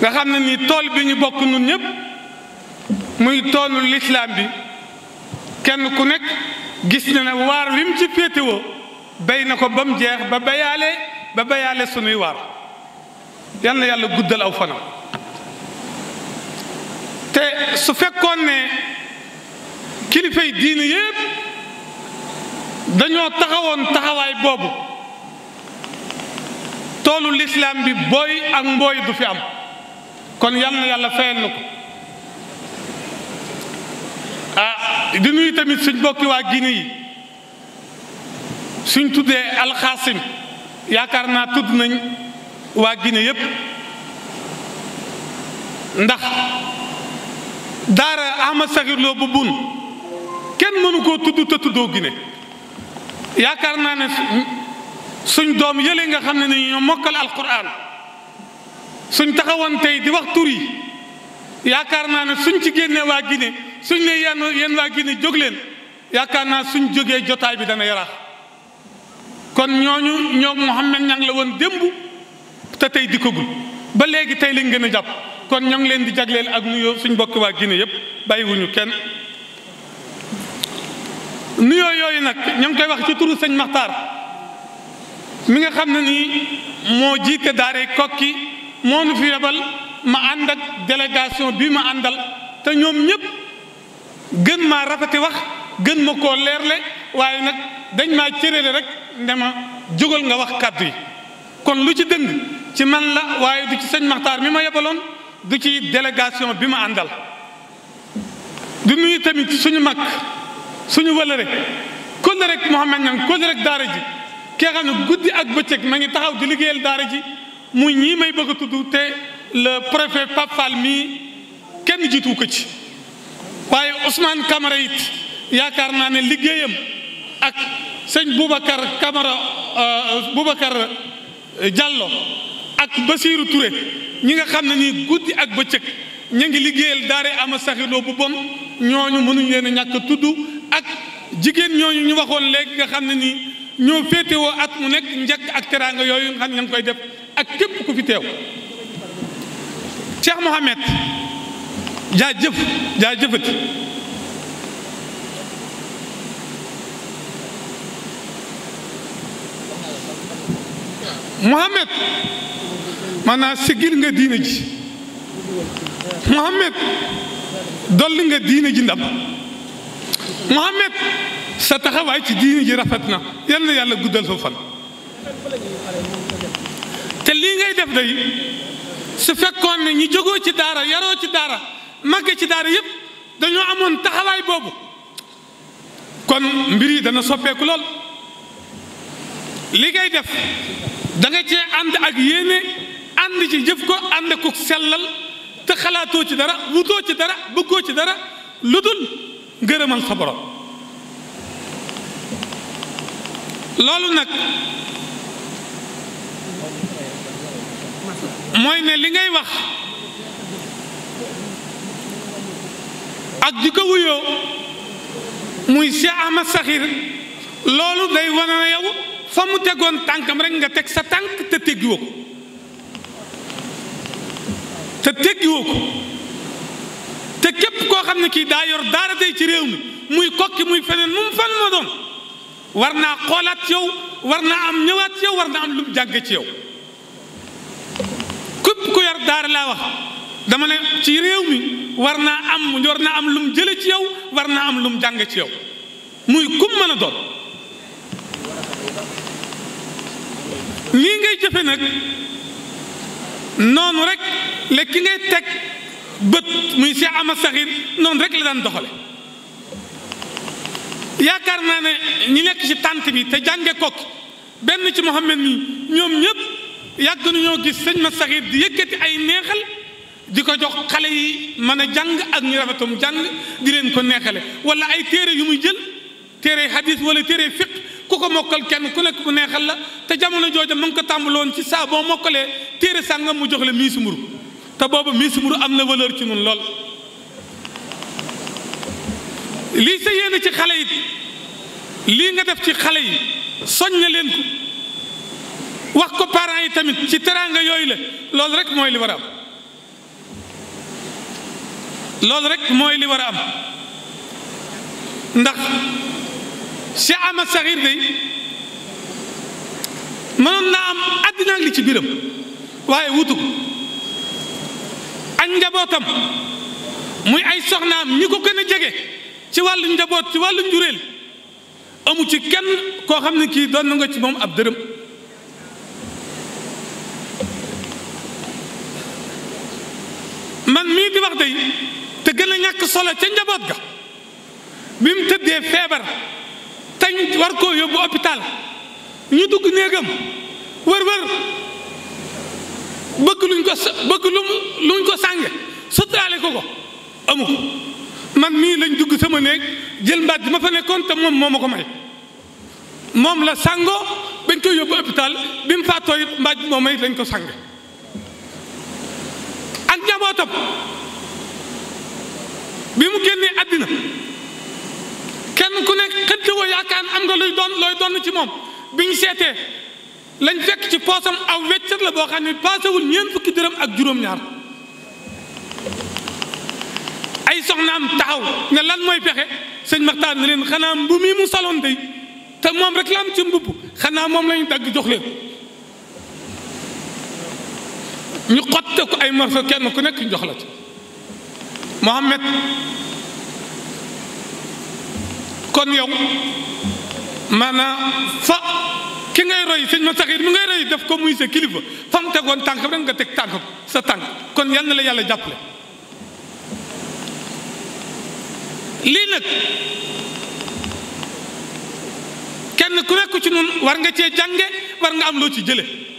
nga xam ne ni tool bi ñu bokk nun ñépp muy toolu lislaam bi kenn ku nekk gis na ne waar wi mu ci féetewoo bay na ko ba mu jeex ba bayaale ba bayaale sunuy waar yal na yàlla guddal aw fanam te su fekkoon ne kilifay diin yépp dañoo taxawoon taxawaay boobu toolu lislaam bi booy ak mbooy du fi am kon yal na yàlla fayal na ko ah di nuyu tamit suñ bokki waa gine yi suñ tuddee alxaasim yaakaar naa tudd nañ waa gine yépp ndax daara Ahmad Sakhir Lo bu bun kenn mënu koo tudd te tuddoo Guinée yaakaar naa ne suñ doom yële nga xam ne ni ñoo mokkal alquran suñ taxawoon tey di wax turi yi yaakaar naa ne suñ ci génnee waa Guinée suñ ne yenn yéen waa Guinée jóg leen yaakaar naa suñ jógee jotaay bi dana yaraax kon ñooñu ñoom Mouhamed ña ngi la woon démb te tey dikkagul ba léegi tey lañ gën a jàpp kon ñoo ngi leen di jagleel ak nuyoo suñ bokk waa Guinée yépp bàyyiwuñu kenn nuyoo yooyu nag ñoo ngi koy wax ci turu sëñ Maxtaar mi nga xam ne nii moo jiite daaree kokki moonu fi yebal ma ànd ak délégation bi ma àndal te ñoom ñëpp gën maa rafeti wax gën ma koo le waaye nag dañ maa cëréle rek ne ma jógal nga wax kàddu yi kon lu ci dëng ci man la waaye du ci sëñ Maxtaar mi ma yebaloon du ci délégation bi ma àndal du nuyu tamit suñu mag suñu wëlëre kóllëre rek Mouhamed Niang kóllëre rek daara ji kee xam guddi ak bëccëg ma ngi taxaw di liggéeyal daara ji mu ñii may bëgg a tudd te le préfet Pape mii kenn jiitu ko ci waaye Ousmane Camara it yaakaar naa ne liggéeyam ak sëñ Boubacar Camara euh, Boubacar euh, Diallo ak basiiru ture ñi nga xam ne nii guddi ak bëccëg ñu ngi liggéeyal daare ama saxiloo bu bon ñooñu mënuñ leen a ñàkk tudd ak jigéen ñooñu ñu waxoon léegi nga xam ne nii ñoo féetewoo at mu nekk njëkk ak teraanga yooyu nga xam ne koy def ak képp ku fi teew Cheikh Mohamed jaa jëf jaa jëfati Mohamed maanaam sigil nga diine ji dolli nga diine ji ndam sa taxawaay ci diine rafet na yal na yàlla guddal fa fan te lii ngay def day su fekkoon ne ñu jógoo ci daara yaroo ci daara màgge ci daara yépp dañoo amoon taxawaay boobu kon mbir yi dana soppeeku lool lii ngay def danga nga cee ànd ak yéene ànd ci jëf ko ànd ko sellal te xalaatoo ci dara wutoo ci dara bëggoo ci dara lu dul ngërëmal sa loolu nag mooy ne li ngay wax ak di ko muy Cheikh Ahmad Saxir loolu day wane na yow fa mu tegoon tànkam rekk nga teg sa tànk te teggiwoo ko te teggiwoo ko te képp koo xam ne kii daa yor daara tey ci réew mi muy kokki muy feneen mu fan ma doon war naa xoolaat ci yow war naa am ñëwaat ci war naa am lu mu jànge ci yow yor daara laa wax dama ne ci réew mi war naa am war naa am lu mu jële ci yow war naa am lu mu jànge ci yow muy kum mën a doon lii ngay jëfe nag noonu rek la ki ngay teg bët muy Cheikh Ahmad Sakhir noonu rek la daan doxale yaakaar naa ne ñi nekk ci tànk bi te jànge kokki benn ci Mohammed mi ñoom ñëpp yàgg nañoo gis sëñ ma saxiir di yëkkati ay neexal di ko jox xale yi mën a jàng ak ñu rafetum jàng di leen ko neexale wala ay téere yu muy jël téere hadis wala téere fiq ku ko mokkal kenn ku nekk ku neexal la te jamono jooja mu ngi ko tàmbaloon ci saa boo mokkalee téere sàngam mu jox le mii si mburu te booba mii mburu am na valeur ci mun lool lii sa yéene ci xale yi lii nga def ci xale yi soññ leen ko wax ko parents yi tamit ci teraanga yooyu la loolu rek mooy li war am loolu rek mooy li war a am ndax Cheikh Ahmad Saxiir day mënoon naa am àddina li ci biram waaye wutu ko ak njabootam muy ay soxnaam ñi ko gën a jege ci wàllu njaboot ci wàllu njuréel amu ci kenn koo xam ne kii doon na nga ci moom ab dërëm di wax te gën a ñàkk solo ca njaboot ga bi mu tëddee feebar tañ war koo yóbbu hôpital ñu dugg néegam wër wër bëgg ko bëgg lu luñ ko sànge suturaale ko ko amu man mii lañ dugg sama néeg jël mbaat bi ma fa nekkoon te moom moo ma may moom la sango bañ koy yóbbu hôpital bi mu faatoo it mbaaj moo may lañ ko sànge ak njabootam bi mu génnee àddina kenn ku nekk xëttewoo yaakaar am nga luy doon looy doon ci moom bi ñu seetee lañ fekk ci poosam aw weccat la boo xam ne paasewul ñeent fukki dërëm ak juróom-ñaar ay soxnaam taxaw ne lan mooy pexe sëñ Maxtaar ne leen xanaa mbu mi mu saloon tey te moom rek la am ci mbubb xanaa moom lañu dagg jox leen ñu xotte ko ay morso kenn ku nekk jox la Mohamed kon yow maanaam fa ki ngay roy sëñ ma saxir mi ngay roy def ko muy sa kilifa fa mu tegoon tànkam rek nga teg tànkam sa tànk kon yal na la yàlla jàppale lii nag kenn ku nekk ci nun war nga cee jànge war nga am loo ci jële